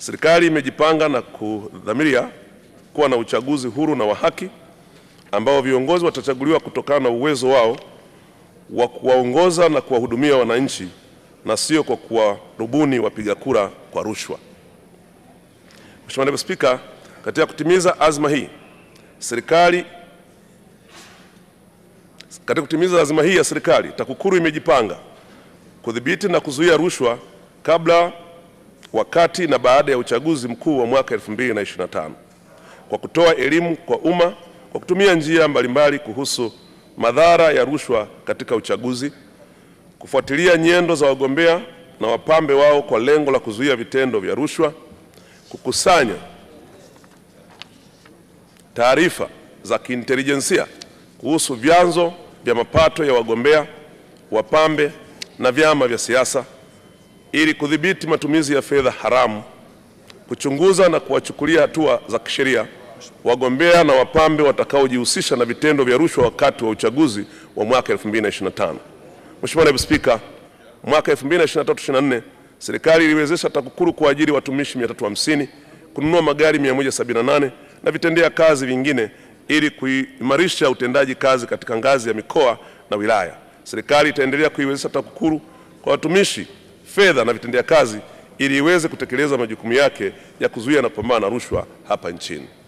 Serikali imejipanga na kudhamiria kuwa na uchaguzi huru na wa haki ambao viongozi watachaguliwa kutokana na uwezo wao wa kuwaongoza na kuwahudumia wananchi na sio kwa kuwarubuni wapiga kura kwa rushwa. Mheshimiwa Naibu Spika, katika kutimiza azma hii serikali katika kutimiza azma hii ya serikali, TAKUKURU imejipanga kudhibiti na kuzuia rushwa kabla wakati na baada ya uchaguzi mkuu wa mwaka 2025 kwa kutoa elimu kwa umma kwa kutumia njia mbalimbali kuhusu madhara ya rushwa katika uchaguzi, kufuatilia nyendo za wagombea na wapambe wao kwa lengo la kuzuia vitendo vya rushwa, kukusanya taarifa za kiintelijensia kuhusu vyanzo vya mapato ya wagombea, wapambe na vyama vya siasa ili kudhibiti matumizi ya fedha haramu, kuchunguza na kuwachukulia hatua za kisheria wagombea na wapambe watakaojihusisha na vitendo vya rushwa wakati wa uchaguzi wa mwaka 2025. Mheshimiwa Naibu Spika, mwaka 2023/24 serikali iliwezesha TAKUKURU kuajiri watumishi 350, kununua magari 178 na vitendea kazi vingine ili kuimarisha utendaji kazi katika ngazi ya mikoa na wilaya. Serikali itaendelea kuiwezesha TAKUKURU kwa watumishi fedha na vitendea kazi ili iweze kutekeleza majukumu yake ya kuzuia na kupambana na rushwa hapa nchini.